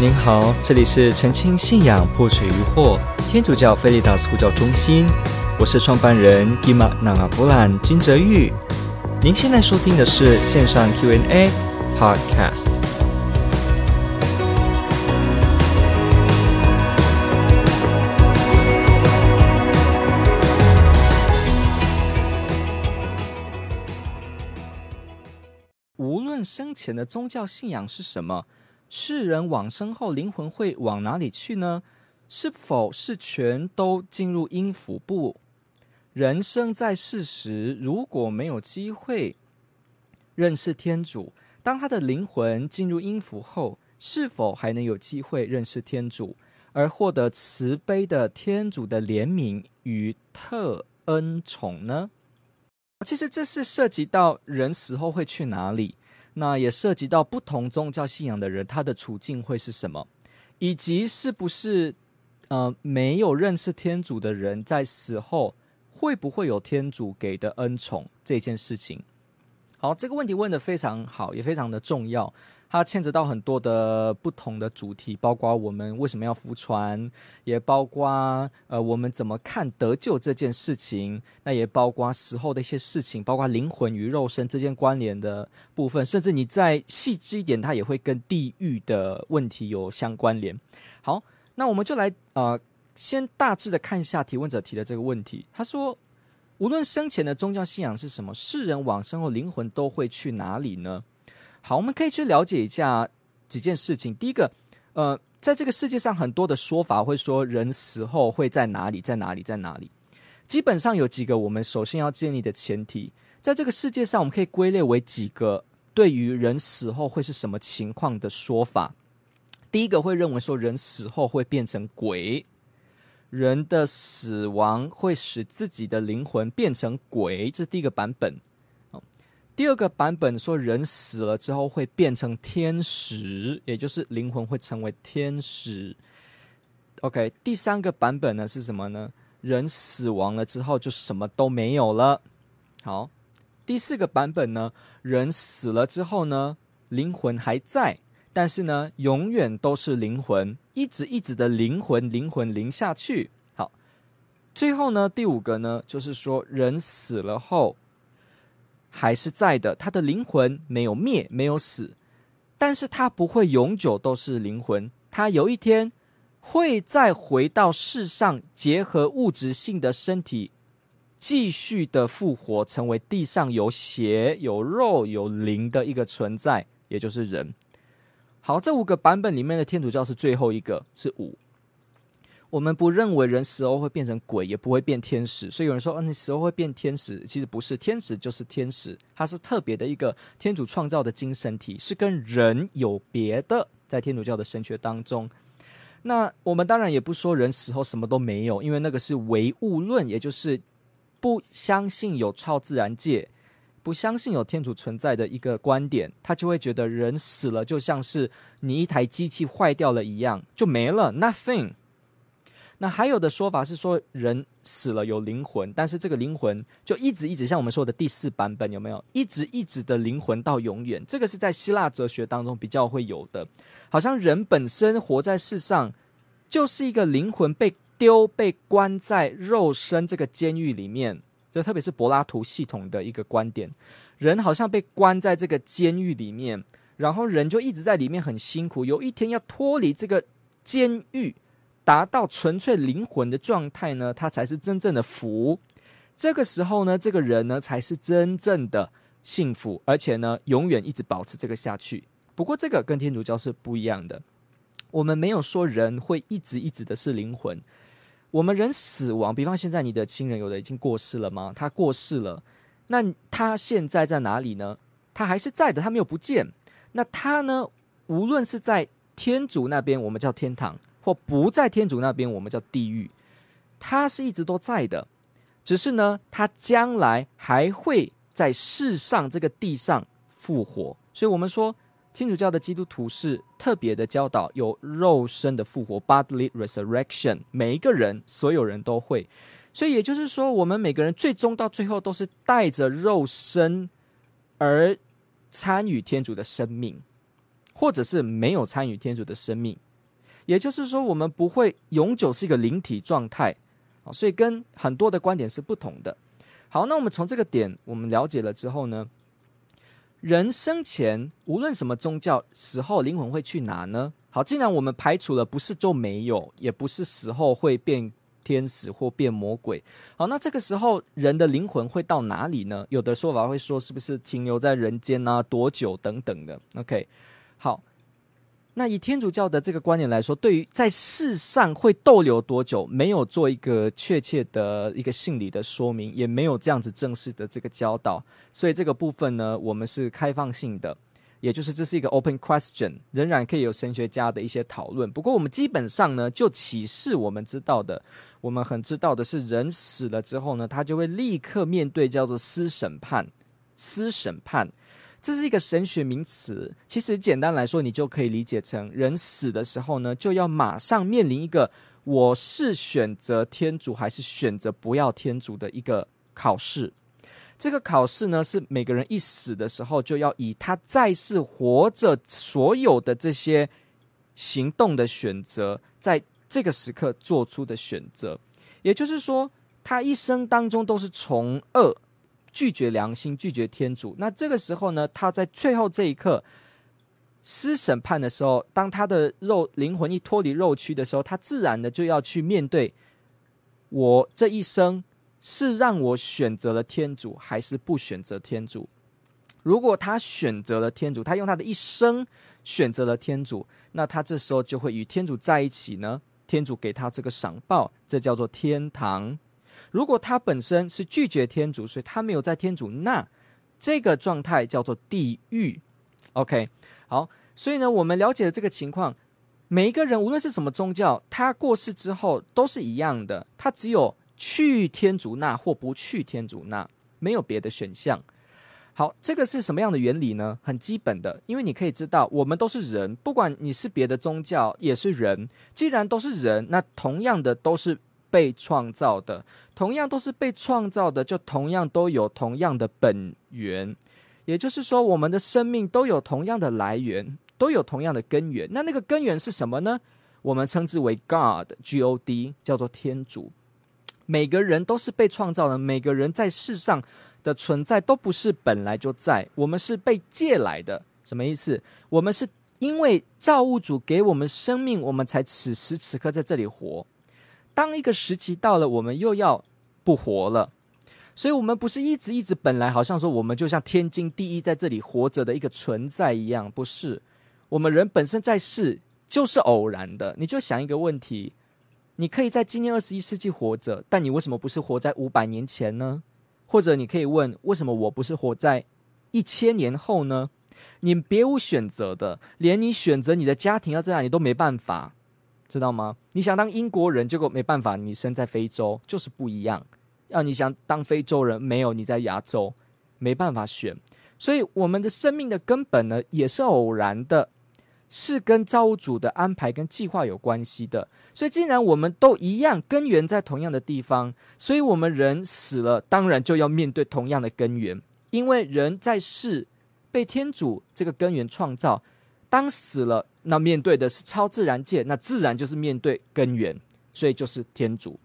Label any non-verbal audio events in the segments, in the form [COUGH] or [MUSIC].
您好，這裡是澄清信仰，破除疑惑天主教 Veritas 護教中心，我是創辦人 Kimat Nangavulan 金哲昱。您現在收聽的是線上 Q&A Podcast。無論生前的宗教信仰是什麼，世人往生後，靈魂會往哪裡去呢？是否是全都進入陰府不？人生在世時如果沒有機會認識天主，當他的靈魂進入陰府後，是否還能有機會認識天主，而獲得慈悲的天主的憐憫與特恩寵呢？其實，這是涉及到人死後會去哪裡。那也涉及到不同宗教信仰的人，他的處境會是什麼？以及是不是呃沒有認識天主的人在死後會不會有天主給的恩寵這件事情？好，這個問題問得非常好，也非常的重要。它牽扯到很多的不同的主題，包括我們為什麼要福傳，也包括呃我們怎麼看得救這件事情，那也包括死後的一些事情，包括靈魂與肉身之間關聯的部分，甚至你再細緻一點，它也會跟地獄的問題有相關聯。好，那我們就來呃先大致的看一下提問者提的這個問題。他說，無論生前的宗教信仰是什麼，世人往生後靈魂都會去哪裡呢？好，我們可以去了解一下幾件事情。第一個，呃，在這個世界上，很多的說法會說人死後會在哪裡，在哪裡，在哪裡？基本上有幾個我們首先要建立的前提，在這個世界上，我們可以歸類為幾個對於人死後會是什麼情況的說法。第一個會認為說人死後會變成鬼，人的死亡會使自己的靈魂變成鬼，這是第一個版本。第二個版本說，人死了之後會變成天使，也就是靈魂會成為天使。OK，第三個版本呢是什麼呢？人死亡了之後就什麼都沒有了。好，第四個版本呢，人死了之後呢，靈魂還在，但是呢，永遠都是靈魂，一直一直的靈魂，靈魂靈下去。好，最後呢，第五個呢，就是說人死了後，還是在的，他的靈魂沒有滅，沒有死，但是他不會永久都是靈魂，他有一天會再回到世上，結合物質性的身體，繼續的復活，成為地上有血、有肉、有靈的一個存在，也就是人。好，這五個版本裡面的天主教是最後一個，是五。我們不認為人死後會變成鬼，也不會變天使。所以有人說，嗯，你死後會變天使，其實不是天使，就是天使，它是特別的一個天主創造的精神體，是跟人有別的，在天主教的神學當中。那我們當然也不說人死後什麼都沒有，因為那個是唯物論，也就是不相信有超自然界，不相信有天主存在的一個觀點，他就會覺得人死了就像是你一台機器壞掉了一樣，就沒了，nothing。那還有的說法是說，人死了有靈魂，但是這個靈魂就一直一直像我們說的第四版本，有沒有一直一直的靈魂到永遠？這個是在希臘哲學當中比較會有的，好像人本身活在世上就是一個靈魂被丟被關在肉身這個監獄裡面，就特別是柏拉圖系統的一個觀點，人好像被關在這個監獄裡面，然後人就一直在裡面很辛苦，有一天要脫離這個監獄。達到純粹靈魂的狀態呢，他才是真正的福。這個時候呢，這個人呢才是真正的幸福，而且呢永遠一直保持這個下去。不過這個跟天主教是不一樣的。我們沒有說人會一直一直的是靈魂。我們人死亡，比方現在你的親人有的已經過世了嗎？他過世了，那他現在在哪裡呢？他還是在的，他沒有不見。那他呢，無論是在天主那邊，我們叫天堂。或不在天主那邊，我們叫地獄，它是一直都在的，只是呢，它將來還會在世上這個地上復活。所以，我們說，天主教的基督徒是特別的教導有肉身的復活 （bodily resurrection），每一個人、所有人都會。所以，也就是說，我們每個人最終到最後都是帶着肉身而參與天主的生命，或者是沒有參與天主的生命。也就是說，我們不會永久是一個靈體狀態，所以跟很多的觀點是不同的。好，那我們從這個點我們了解了之後呢，人生前無論什麼宗教，死後靈魂會去哪呢？好，既然我們排除了不是就沒有，也不是死後會變天使或變魔鬼，好，那這個時候人的靈魂會到哪裡呢？有的說法會說，是不是停留在人間呢、啊？多久等等的？OK，好。那以天主教的這個觀念來說，對於在世上會逗留多久，沒有做一個確切的一個信理的說明，也沒有這樣子正式的這個教導，所以這個部分呢，我們是開放性的，也就是這是一個 open question，仍然可以有神學家的一些討論。不過我們基本上呢，就啟示我們知道的，我們很知道的是，人死了之後呢，他就會立刻面對叫做私審判，私審判。這是一個神學名詞，其實簡單來說，你就可以理解成，人死的時候呢，就要馬上面臨一個，我是選擇天主還是選擇不要天主的一個考試。這個考試呢，是每個人一死的時候，就要以他在世活着所有的這些行動的選擇，在這個時刻做出的選擇。也就是說，他一生當中都是從惡。拒絕良心，拒絕天主。那這個時候呢，他在最後這一刻，私審判的時候，當他的肉靈魂一脫離肉軀的時候，他自然的就要去面對：我這一生是讓我選擇了天主，還是不選擇天主？如果他選擇了天主，他用他的一生選擇了天主，那他這時候就會與天主在一起呢，天主給他這個賞報，這叫做天堂。如果他本身是拒絕天主，所以他沒有在天主那，這個狀態叫做地獄。OK，好，所以呢，我們了解了這個情況，每一個人無論是什麼宗教，他過世之後都是一樣的，他只有去天主那或不去天主那，沒有別的選項。好，這個是什麼樣的原理呢？很基本的，因為你可以知道，我們都是人，不管你是別的宗教，也是人。既然都是人，那同樣的都是。被創造的，同樣都是被創造的，就同樣都有同樣的本源，也就是說，我們的生命都有同樣的來源，都有同樣的根源。那那個根源是什麼呢？我們稱之為 God，G O D，叫做天主。每個人都是被創造的，每個人在世上的存在都不是本來就在，我們是被借來的。什麼意思？我們是因為造物主給我們生命，我們才此時此刻在這裡活。當一個時期到了，我們又要不活了，所以，我們不是一直一直本來好像說我們就像天經地義在這裡活着的一個存在一樣，不是？我們人本身在世就是偶然的。你就想一個問題，你可以在今年二十一世紀活着，但你為什麼不是活在五百年前呢？或者你可以問，為什麼我不是活在一千年後呢？你別無選擇的，連你選擇你的家庭要這樣，你都沒辦法。知道嗎？你想當英國人，結果沒辦法，你生在非洲就是不一樣；要、啊、你想當非洲人，沒有你在亞洲，沒辦法選。所以，我們的生命的根本呢，也是偶然的，是跟造物主的安排跟計劃有關係的。所以，既然我們都一樣，根源在同樣的地方，所以我們人死了，當然就要面對同樣的根源，因為人在世被天主這個根源創造，當死了。那面對的是超自然界，那自然就是面對根源，所以就是天主。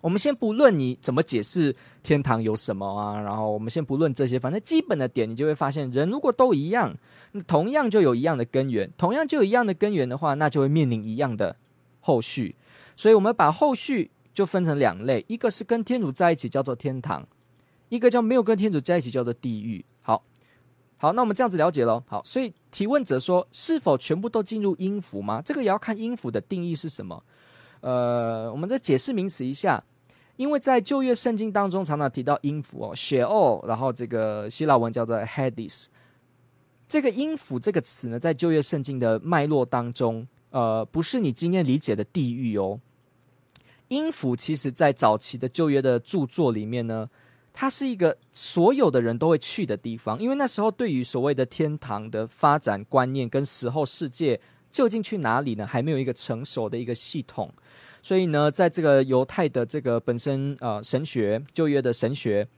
我們先不論你怎麼解釋天堂有什麼啊，然後我們先不論這些，反正基本的點你就會發現，人如果都一樣，那同樣就有一樣的根源，同樣就有一樣的根源的話，那就會面臨一樣的後續。所以我們把後續就分成兩類，一個是跟天主在一起叫做天堂，一個叫沒有跟天主在一起叫做地獄。好，那我們這樣子了解了。好，所以提問者說，是否全部都進入陰府嗎？這個也要看陰府的定義是什麼。呃，我們再解釋名詞一下，因為在舊約聖經當中常常提到陰府哦，Sheol 哦，然後這個希臘文叫做 Hades，這個陰府這個詞呢，在舊約聖經的脈絡當中，呃，不是你今天理解的地獄哦。陰府其實在早期的舊約的著作裡面呢。它是一個所有的人都會去的地方，因為那時候對於所謂的天堂的發展觀念跟死後世界究竟去哪裡呢？還沒有一個成熟的一個系統，所以呢，在這個猶太的這個本身呃神學舊約的神學，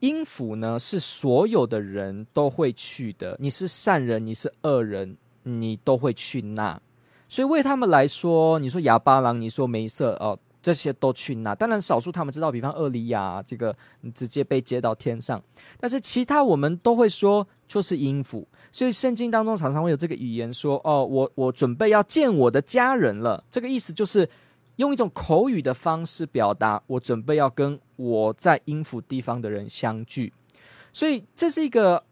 陰府呢是所有的人都會去的，你是善人，你是惡人，你都會去那，所以為他們來說，你說亞巴郎，你說梅瑟哦。這些都去哪？當然，少數他們知道，比方厄里亞，啊、這個直接被接到天上，但是其他我們都會說就是陰府。所以聖經當中常常會有這個語言說：“哦，我我準備要見我的家人了。”這個意思就是用一種口語的方式表達我準備要跟我在陰府地方的人相聚。所以這是一個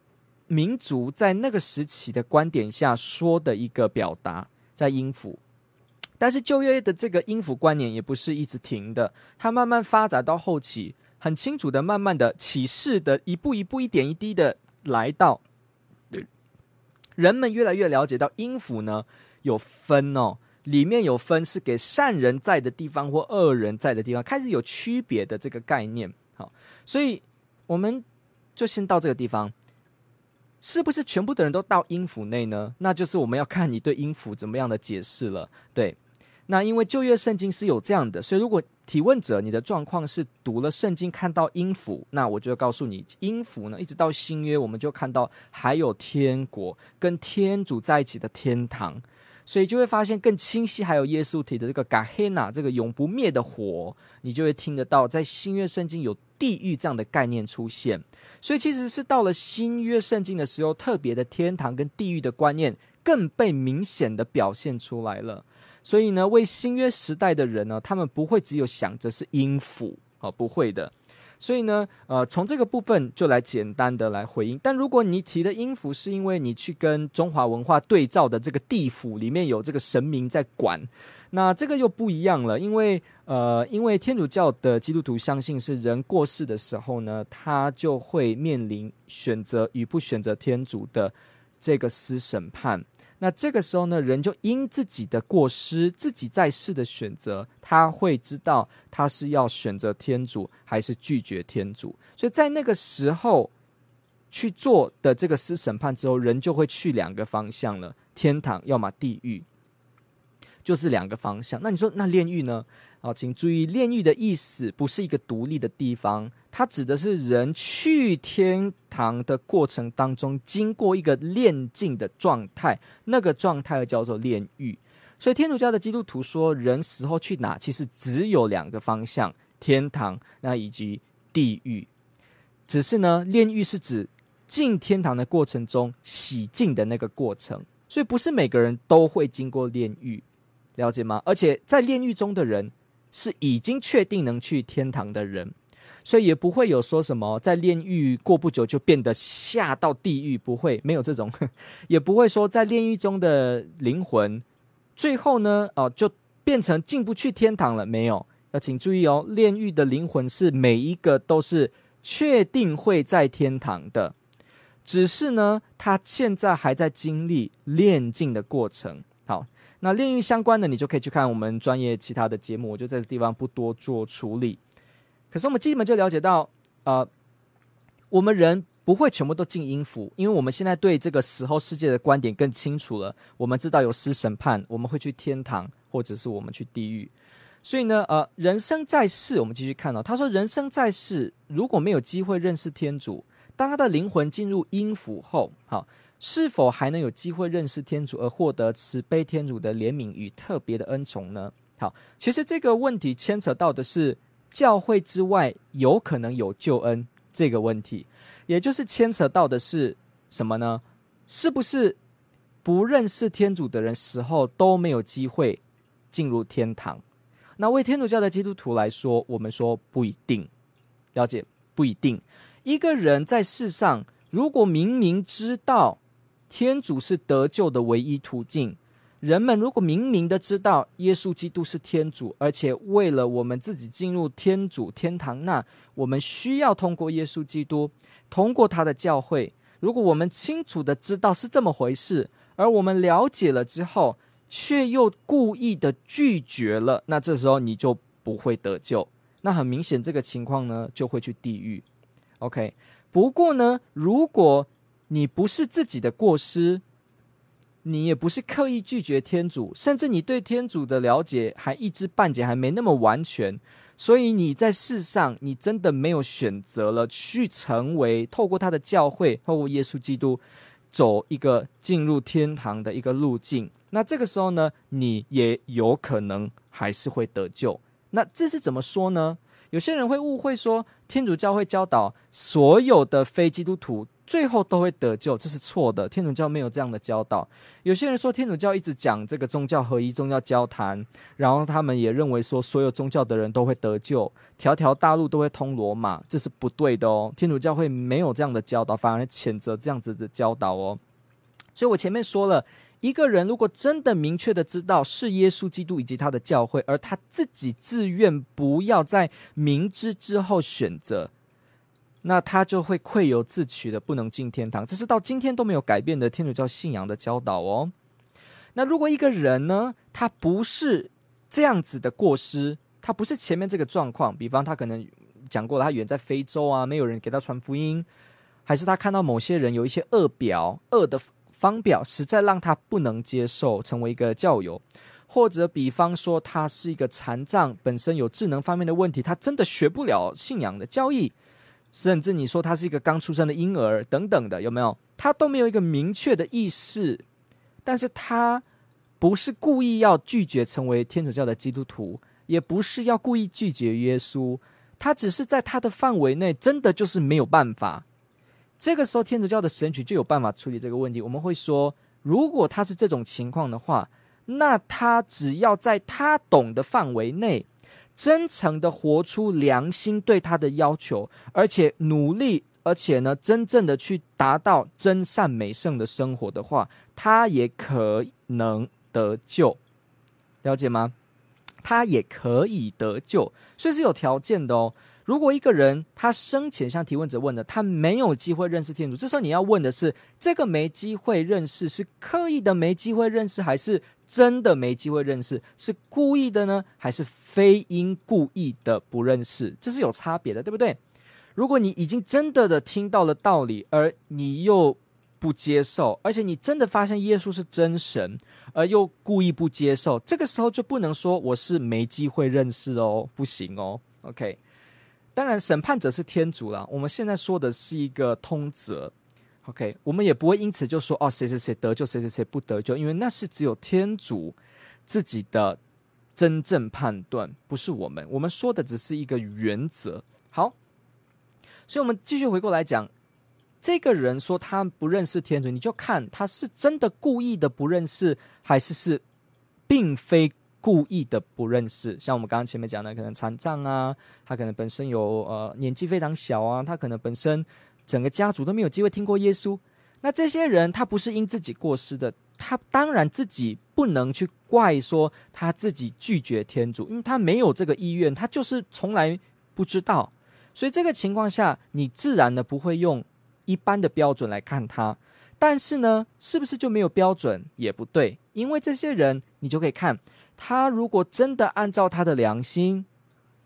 民族在那個時期的觀點下說的一個表達，在陰府。但是舊約的這個陰府觀念也不是一直停的，它慢慢發展到後期，很清楚的，慢慢的啟示的，一步一步，一點一滴的來到，對。人們越來越了解到陰府呢有分哦，裡面有分是給善人在的地方或惡人在的地方，開始有區別的這個概念。好，所以我們就先到這個地方，是不是全部的人都到陰府內呢？那就是我們要看你對陰府怎麼樣的解釋了。對。那因為舊約聖經是有這樣的，所以如果提問者你的狀況是讀了聖經看到陰府，那我就告訴你，陰府呢一直到新約我們就看到還有天國跟天主在一起的天堂，所以就會發現更清晰，還有耶穌體的這個嘎黑娜這個永不滅的火，你就會聽得到，在新約聖經有地獄這樣的概念出現，所以其實是到了新約聖經的時候，特別的天堂跟地獄的觀念更被明顯的表現出來了。所以呢，為新約時代的人呢、啊，他們不會只有想着是陰府。哦，不會的。所以呢，呃，從這個部分就來簡單的來回應。但如果你提的陰府是因為你去跟中華文化對照的這個地府裡面有這個神明在管，那這個又不一樣了。因為，呃，因為天主教的基督徒相信是人過世的時候呢，他就會面臨選擇與不選擇天主的這個私審判。那這個時候呢，人就因自己的過失，自己在世的選擇，他會知道他是要選擇天主還是拒絕天主。所以在那個時候去做的這個私審判之後，人就會去兩個方向了：天堂，要麼地獄，就是兩個方向。那你說，那煉獄呢？啊，請注意，煉獄的意思不是一個獨立的地方，它指的是人去天堂的過程當中，經過一個煉淨的狀態，那個狀態叫做煉獄。所以天主教的基督徒說，人死後去哪，其實只有兩個方向：天堂，那以及地獄。只是呢，煉獄是指進天堂的過程中洗淨的那個過程，所以不是每個人都會經過煉獄，了解嗎？而且在煉獄中的人。是已經確定能去天堂的人，所以也不會有說什麼在煉獄過不久就變得下到地獄，不會，沒有這種，也不會說在煉獄中的靈魂最後呢，哦，就變成進不去天堂了。沒有，要請注意哦，煉獄的靈魂是每一個都是確定會在天堂的，只是呢，他現在還在經歷煉淨的過程。那煉獄相關的，你就可以去看我們專頁其他的節目，我就在這地方不多做處理。可是我們基本就了解到，呃，我們人不會全部都進陰府，因為我們現在對這個死後世界的觀點更清楚了。我們知道有私審判，我們會去天堂，或者是我們去地獄。所以呢，呃，人生在世，我們繼續看哦。他說人生在世，如果沒有機會認識天主，當他的靈魂進入陰府後，好、哦。是否還能有機會認識天主而獲得慈悲天主的憐憫與特別的恩寵呢？好，其實這個問題牽扯到的是教會之外有可能有救恩這個問題，也就是牽扯到的是什麼呢？是不是不認識天主的人死後，都沒有機會進入天堂？那為天主教的基督徒來說，我們說不一定，了解，不一定。一個人在世上如果明明知道。天主是得救的唯一途徑。人們如果明明的知道耶穌基督是天主，而且為了我們自己進入天主天堂，那我們需要通過耶穌基督，通過他的教會。如果我們清楚的知道是這麼回事，而我們了解了之後，卻又故意的拒絕了，那這時候你就不會得救。那很明顯，這個情況呢就會去地獄。OK，不過呢，如果。你不是自己的過失，你也不是刻意拒絕天主，甚至你對天主的了解還一知半解，還沒那麼完全，所以你在世上你真的沒有選擇了去成為透過他的教會，透過耶穌基督走一個進入天堂的一個路徑。那這個時候呢，你也有可能還是會得救。那這是怎麼說呢？有些人會誤會說，天主教會教導所有的非基督徒。最後都會得救，這是錯的。天主教沒有這樣的教導。有些人說天主教一直講這個宗教合一、宗教交談，然後他們也認為說所有宗教的人都會得救，條條大路都會通羅馬，這是不對的哦。天主教會沒有這樣的教導，反而譴責這樣子的教導哦。所以我前面說了，一個人如果真的明確的知道是耶穌基督以及他的教會，而他自己自願不要在明知之後選擇。那他就會咎由自取的，不能進天堂。這是到今天都沒有改變的天主教信仰的教導哦。那如果一個人呢，他不是這樣子的過失，他不是前面這個狀況，比方他可能講過了，他遠在非洲啊，沒有人給他傳福音，還是他看到某些人有一些惡表惡的方表，實在讓他不能接受成為一個教友，或者比方說他是一個殘障，本身有智能方面的問題，他真的學不了信仰的教義。甚至你說他是一個剛出生的嬰兒等等的，有沒有？他都沒有一個明確的意識，但是他不是故意要拒絕成為天主教的基督徒，也不是要故意拒絕耶穌，他只是在他的範圍內，真的就是沒有辦法。這個時候，天主教的神學就有辦法處理這個問題。我們會說，如果他是這種情況的話，那他只要在他懂的範圍內。真誠的活出良心對他的要求，而且努力，而且呢，真正的去達到真善美聖的生活的話，他也可能得救。了解嗎？他也可以得救。所以是有條件的哦。如果一個人他生前像提問者問的，他沒有機會認識天主，這時候你要問的是，這個沒機會認識是刻意的沒機會認識，還是真的沒機會認識？是故意的呢，還是非因故意的不認識？這是有差別的，對不對？如果你已經真的的聽到了道理，而你又不接受，而且你真的發現耶穌是真神，而又故意不接受，這個時候就不能說我是沒機會認識哦，不行哦，OK。當然，審判者是天主了。我們現在說的是一個通則，OK？我們也不會因此就說哦，誰誰誰得救，誰誰誰不得救，因為那是只有天主自己的真正判斷，不是我們。我們說的只是一個原則。好，所以我們繼續回過來講，這個人說他不認識天主，你就看他是真的故意的不認識，還是是並非。故意的不認識，像我們剛剛前面講的，可能殘障啊，他可能本身有呃年紀非常小啊，他可能本身整個家族都沒有機會聽過耶穌。那這些人他不是因自己過失的，他當然自己不能去怪說他自己拒絕天主，因為他沒有這個意願，他就是從來不知道。所以這個情況下，你自然的不會用一般的標準來看他，但是呢，是不是就沒有標準也不對，因為這些人你就可以看。他如果真的按照他的良心，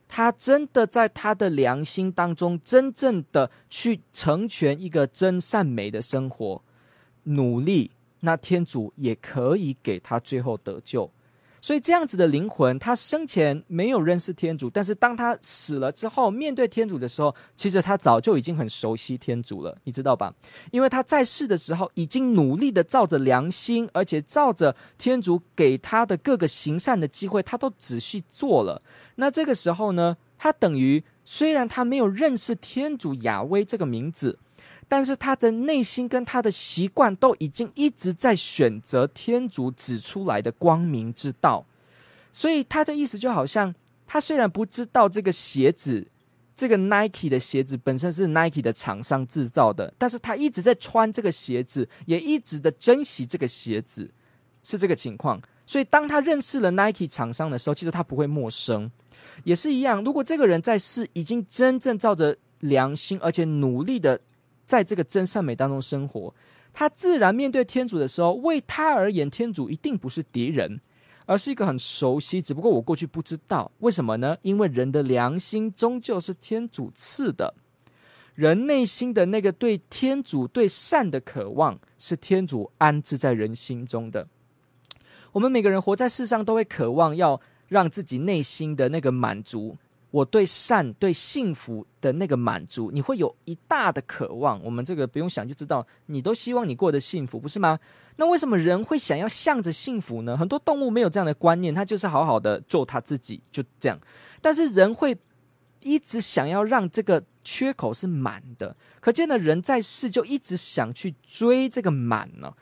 他真的在他的良心當中，真正的去成全一個真善美的生活，努力，那天主也可以給他最後得救。所以這樣子的靈魂，他生前沒有認識天主，但是當他死了之後，面對天主的時候，其實他早就已經很熟悉天主了，你知道吧？因為他在世的時候，已經努力的照着良心，而且照着天主給他的各個行善的機會，他都仔細做了。那這個時候呢，他等於雖然他沒有認識天主雅威這個名字。但是他的內心跟他的習慣都已經一直在選擇天主指出來的光明之道，所以他的意思就好像他雖然不知道這個鞋子，這個 Nike 的鞋子本身是 Nike 的廠商製造的，但是他一直在穿這個鞋子，也一直的珍惜這個鞋子，是這個情況。所以當他認識了 Nike 廠商的時候，其實他不會陌生。也是一樣，如果這個人在世已經真正照着良心，而且努力的。在這個真善美當中生活，他自然面對天主的時候，為他而言，天主一定不是敵人，而是一個很熟悉。只不過我過去不知道為什麼呢？因為人的良心終究是天主賜的，人內心的那個對天主、對善的渴望，是天主安置在人心中的。我們每個人活在世上，都會渴望要讓自己內心的那個滿足。我對善、對幸福的那個滿足，你會有一大的渴望。我們這個不用想就知道，你都希望你過得幸福，不是嗎？那為什麼人會想要向着幸福呢？很多動物沒有這樣的觀念，它就是好好的做他自己，就這樣。但是人會一直想要讓這個缺口是滿的，可見呢，人在世就一直想去追這個滿呢。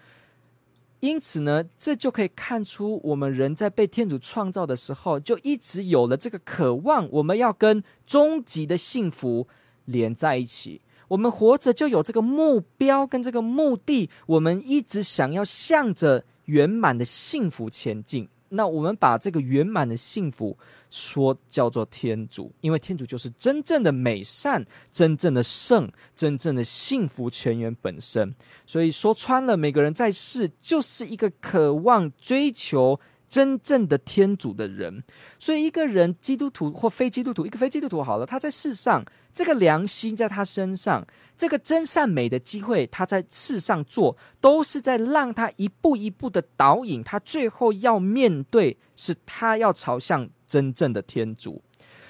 因此呢，這就可以看出，我們人在被天主創造的時候，就一直有了這個渴望，我們要跟終極的幸福連在一起。我們活着就有這個目標跟這個目的，我們一直想要向着圓滿的幸福前進。那我們把這個圓滿的幸福說叫做天主，因為天主就是真正的美善、真正的聖、真正的幸福泉源本身。所以說穿了，每個人在世就是一個渴望追求真正的天主的人，所以一個人基督徒或非基督徒，一個非基督徒好了，他在世上這個良心在他身上，這個真善美的機會，他在世上做，都是在讓他一步一步的導引他，最後要面對是他要朝向真正的天主。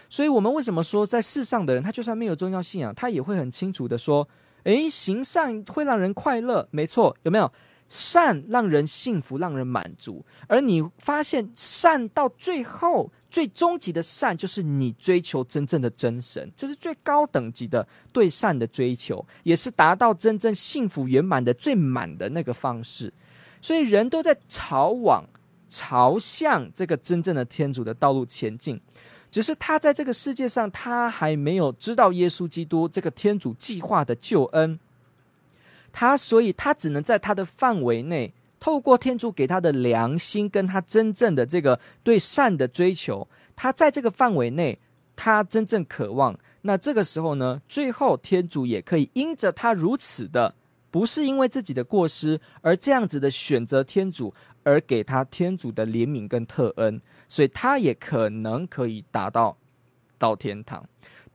所以，我們為什麼說在世上的人，他就算沒有宗教信仰，他也會很清楚的說：“誒，行善會讓人快樂，沒錯，有沒有？”善讓人幸福，讓人滿足。而你發現，善到最後、最終極的善，就是你追求真正的真神，這，就是最高等級的對善的追求，也是達到真正幸福圓滿的最滿的那個方式。所以，人都在朝往、朝向這個真正的天主的道路前進，只是他在這個世界上，他還沒有知道耶穌基督這個天主計劃的救恩。他，所以，他只能在他的範圍內，透過天主給他的良心，跟他真正的這個對善的追求，他在這個範圍內，他真正渴望。那這個時候呢，最後天主也可以因着他如此的，不是因為自己的過失，而這樣子的選擇天主，而給他天主的憐憫跟特恩，所以他也可能可以達到到天堂。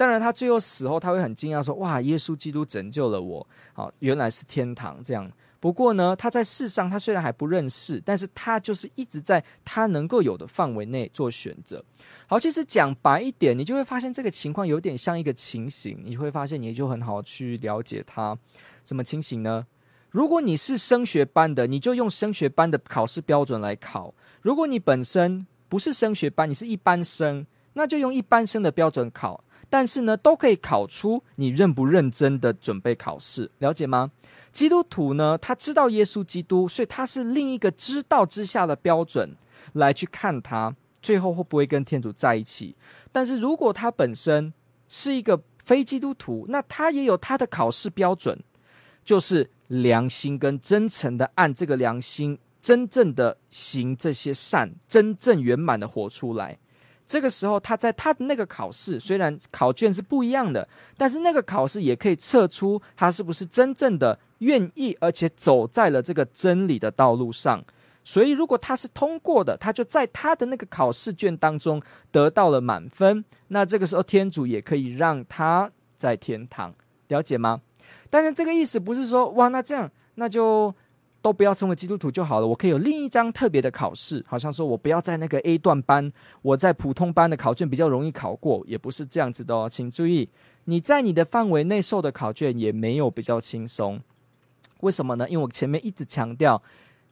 當然，他最後死後，他會很驚訝說：“哇，耶穌基督拯救了我！好，原來是天堂這樣。”不過呢，他在世上，他雖然還不認識，但是他就是一直在他能夠有的範圍內做選擇。好，其實講白一點，你就會發現這個情況有點像一個情形。你會發現，你就很好去了解它。什麼情形呢？如果你是升學班的，你就用升學班的考試標準來考；如果你本身不是升學班，你是一般生，那就用一般生的標準考。但是呢，都可以考出你認不認真的準備考試，了解嗎？基督徒呢，他知道耶穌基督，所以他是另一個知道之下的標準，來去看他，最後會不會跟天主在一起。但是如果他本身是一個非基督徒，那他也有他的考試標準，就是良心跟真誠的按這個良心，真正的行這些善，真正圓滿的活出來。這個時候，他在他的那個考試，雖然考卷是不一樣的，但是那個考試也可以測出他是不是真正的願意，而且走在了這個真理的道路上。所以，如果他是通過的，他就在他的那個考試卷當中得到了滿分。那這個時候，天主也可以讓他在天堂，了解嗎？但是這個意思不是說，哇，那這樣那就。都不要成為基督徒就好了。我可以有另一張特別的考試，好像說，我不要在那個 A 段班，我在普通班的考卷比較容易考過，也不是這樣子的哦。請注意，你在你的範圍內受的考卷也沒有比較輕鬆，為什麼呢？因為我前面一直強調，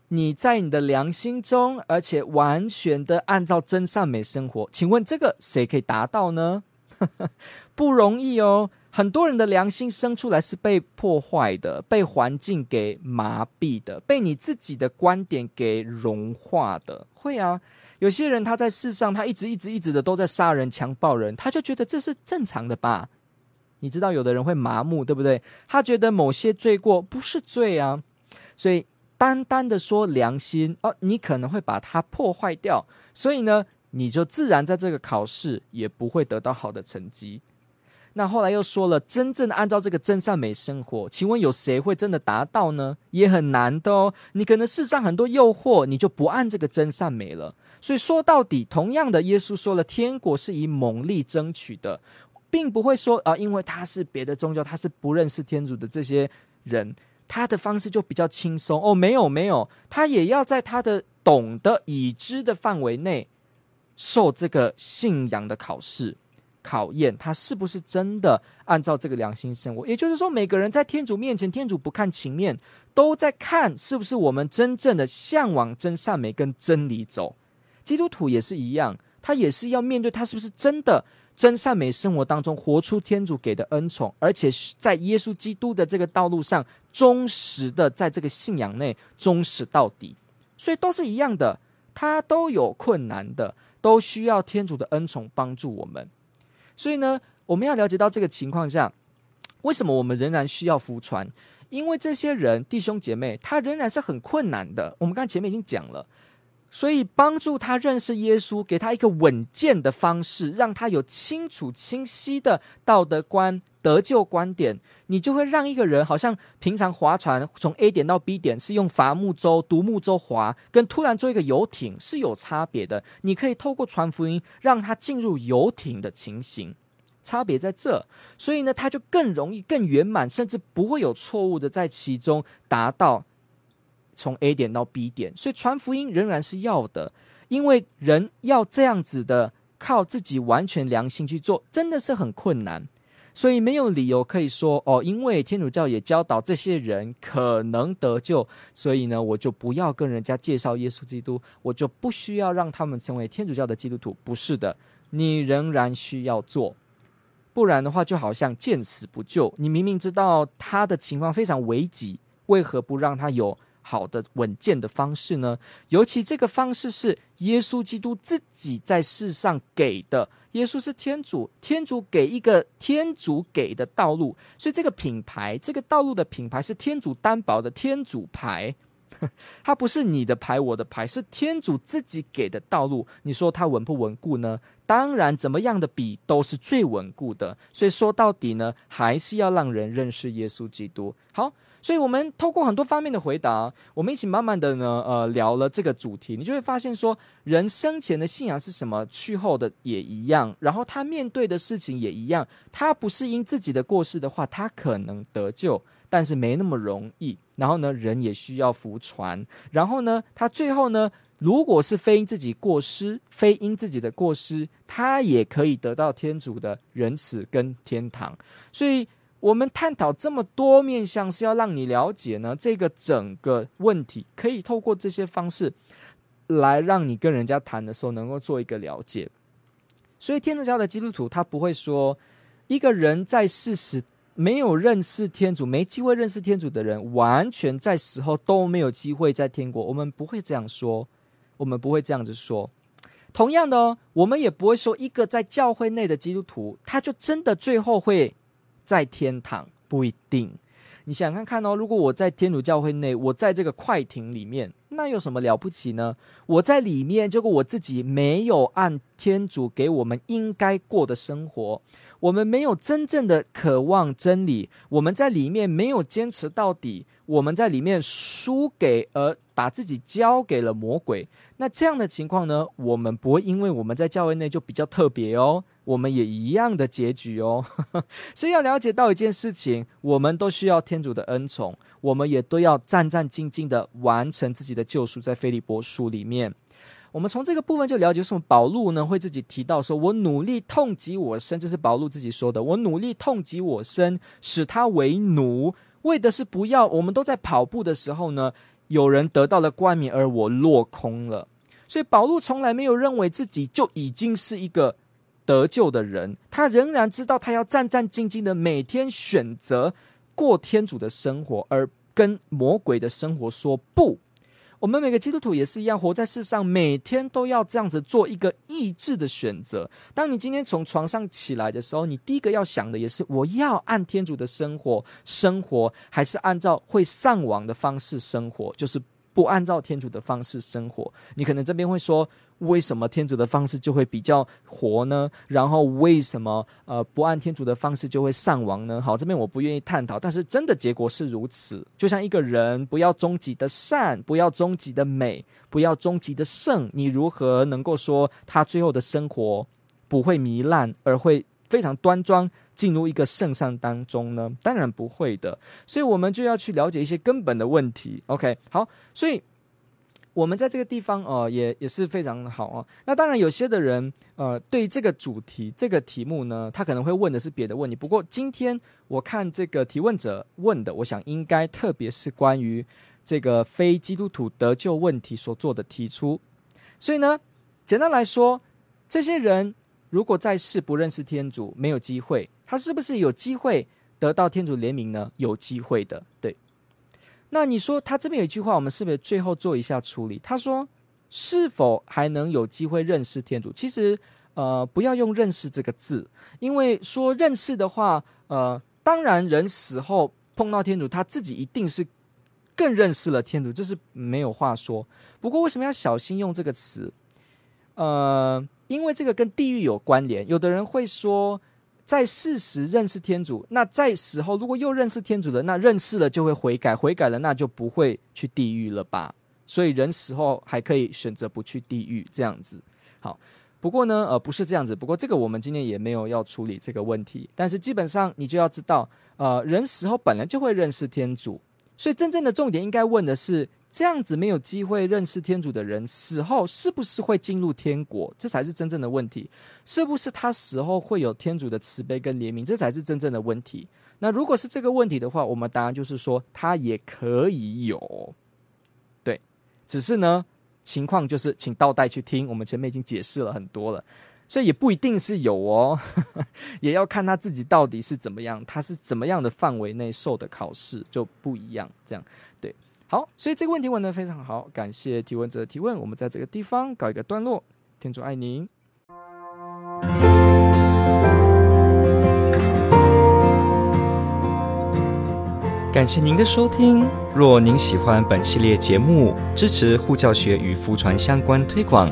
你在你的良心中，而且完全的按照真善美生活，請問這個誰可以達到呢？ [LAUGHS] 不容易哦，很多人的良心生出來是被破壞的，被環境給麻痹的，被你自己的觀點給融化的。會啊，有些人他在世上，他一直一直一直的都在殺人強暴人，他就覺得這是正常的吧？你知道，有的人會麻木，對不對？他覺得某些罪過不是罪啊，所以單單的說良心哦，你可能會把它破壞掉。所以呢，你就自然在這個考試也不會得到好的成績。那後來又說了，真正的按照這個真善美生活，請問有誰會真的達到呢？也很難的哦。你可能世上很多誘惑，你就不按這個真善美了。所以說到底，同樣的，耶穌說了，天國是以猛力爭取的，並不會說啊、呃，因為他是別的宗教，他是不認識天主的這些人，他的方式就比較輕鬆哦。沒有沒有，他也要在他的懂得、已知的範圍內。受這個信仰的考試考驗，他是不是真的按照這個良心生活？也就是說，每個人在天主面前，天主不看情面，都在看是不是我們真正的向往真善美跟真理走。基督徒也是一樣，他也是要面對他是不是真的真善美生活當中活出天主給的恩寵，而且在耶穌基督的這個道路上，忠實的在這個信仰內，忠實到底。所以都是一樣的，他都有困難的。都需要天主的恩寵幫助我們，所以呢，我們要了解到這個情況下，為什麼我們仍然需要福傳？因為這些人弟兄姐妹，他仍然是很困難的。我們剛才前面已經講了，所以幫助他認識耶穌，給他一個穩健的方式，讓他有清楚、清晰的道德觀。得救觀點，你就會讓一個人好像平常划船，從 A 點到 B 點是用伐木舟、獨木舟划，跟突然做一個遊艇是有差別的。你可以透過傳福音，讓他進入遊艇的情形，差別在這。所以呢，他就更容易、更圓滿，甚至不會有錯誤的，在其中達到從 A 點到 B 點。所以傳福音仍然是要的，因為人要這樣子的靠自己完全良心去做，真的是很困難。所以沒有理由可以說哦，因為天主教也教導這些人可能得救，所以呢，我就不要跟人家介紹耶穌基督，我就不需要讓他們成為天主教的基督徒。不是的，你仍然需要做，不然的話，就好像見死不救。你明明知道他的情況非常危急，為何不讓他有？好的穩健的方式呢，尤其這個方式是耶穌基督自己在世上給的。耶穌是天主，天主給一個天主給的道路，所以這個品牌，這個道路的品牌是天主擔保的天主牌呵，它不是你的牌，我的牌，是天主自己給的道路。你說它穩不穩固呢？當然，怎麼樣的比都是最穩固的。所以說到底呢，還是要讓人認識耶穌基督。好。所以，我們透過很多方面的回答，我們一起慢慢的呢，呃，聊了這個主題，你就會發現說，人生前的信仰是什麼，去後的也一樣，然後他面對的事情也一樣。他不是因自己的過失的話，他可能得救，但是沒那麼容易。然後呢，人也需要福傳。然後呢，他最後呢，如果是非因自己過失，非因自己的過失，他也可以得到天主的仁慈跟天堂。所以。我們探討這麼多面向，是要讓你了解呢。這個整個問題可以透過這些方式，來讓你跟人家談的時候，能夠做一個了解。所以，天主教的基督徒他不會說，一個人在世時沒有認識天主、沒機會認識天主的人，完全在死後都沒有機會在天國。我們不會這樣說，我們不會這樣子說。同樣的哦，我們也不會說，一個在教會內的基督徒，他就真的最後會。在天堂，不一定，你想看看哦。如果我在天主教會內，我在這個快艇裡面，那有什麼了不起呢？我在裡面，結果我自己沒有按天主給我們應該過的生活，我們沒有真正的渴望真理，我們在裡面沒有堅持到底，我們在裡面輸給，而把自己交給了魔鬼，那這樣的情況呢，我們不會因為我們在教會內就比較特別哦。我們也一樣的結局哦， [LAUGHS] 所以要了解到一件事情，我們都需要天主的恩寵，我們也都要戰戰兢兢的完成自己的救贖。在斐理伯書裡面，我們從這個部分就了解就，什麼？保祿呢會自己提到說：“我努力痛擊我身”，這是保祿自己說的。我努力痛擊我身，使他為奴，為的是不要我們都在跑步的時候呢，有人得到了冠冕，而我落空了。所以保祿從來沒有認為自己就已經是一個。得救的人，他仍然知道，他要戰戰兢兢的每天選擇過天主的生活，而跟魔鬼的生活說不。我們每個基督徒也是一樣，活在世上，每天都要這樣子做一個意志的選擇。當你今天從床上起來的時候，你第一個要想的也是，我要按天主的生活生活，還是按照會上網的方式生活，就是不按照天主的方式生活。你可能這邊會說。為什麼天主的方式就會比較活呢？然後為什麼呃不按天主的方式就會喪亡呢？好，這邊我不願意探討，但是真的結果是如此。就像一個人不要終極的善，不要終極的美，不要終極的聖，你如何能夠說他最後的生活不會糜爛，而會非常端莊進入一個聖善當中呢？當然不會的。所以我們就要去了解一些根本的問題。OK，好，所以。我們在這個地方哦、呃，也也是非常好啊、哦。那當然，有些的人呃，對這個主題、這個題目呢，他可能會問的是別的問題。不過今天我看這個提問者問的，我想應該特別是關於這個非基督徒得救問題所做的提出。所以呢，簡單來說，這些人如果在世不認識天主，沒有機會，他是不是有機會得到天主憐憫呢？有機會的，對。那你說他這邊有一句話，我們是不是最後做一下處理？他說：“是否還能有機會認識天主？”其實，呃，不要用“認識”這個字，因為說認識的話，呃，當然人死後碰到天主，他自己一定是更認識了天主，這是沒有話說。不過，為什麼要小心用這個詞？呃，因為這個跟地獄有關聯，有的人會說。在世時認識天主，那在死後如果又認識天主的，那認識了就會悔改，悔改了那就不會去地獄了吧？所以人死後還可以選擇不去地獄這樣子。好，不過呢，呃，不是這樣子。不過這個我們今天也沒有要處理這個問題，但是基本上你就要知道，呃，人死後本來就會認識天主。所以真正的重點應該問的是：這樣子沒有機會認識天主的人，死後是不是會進入天國？這才是真正的問題。是不是他死後會有天主的慈悲跟憐憫？這才是真正的問題。那如果是這個問題的話，我們答案就是說，他也可以有。對，只是呢，情況就是，請倒帶去聽，我們前面已經解釋了很多了。所以也不一定是有哦， [LAUGHS] 也要看他自己到底是怎麼樣，他是怎麼樣的範圍內受的考試就不一樣，這樣對。好，所以這個問題問得非常好，感謝提問者的提問，我們在這個地方搞一個段落。天主愛您，感謝您的收聽。若您喜歡本系列節目，支持護教學與福傳相關推廣。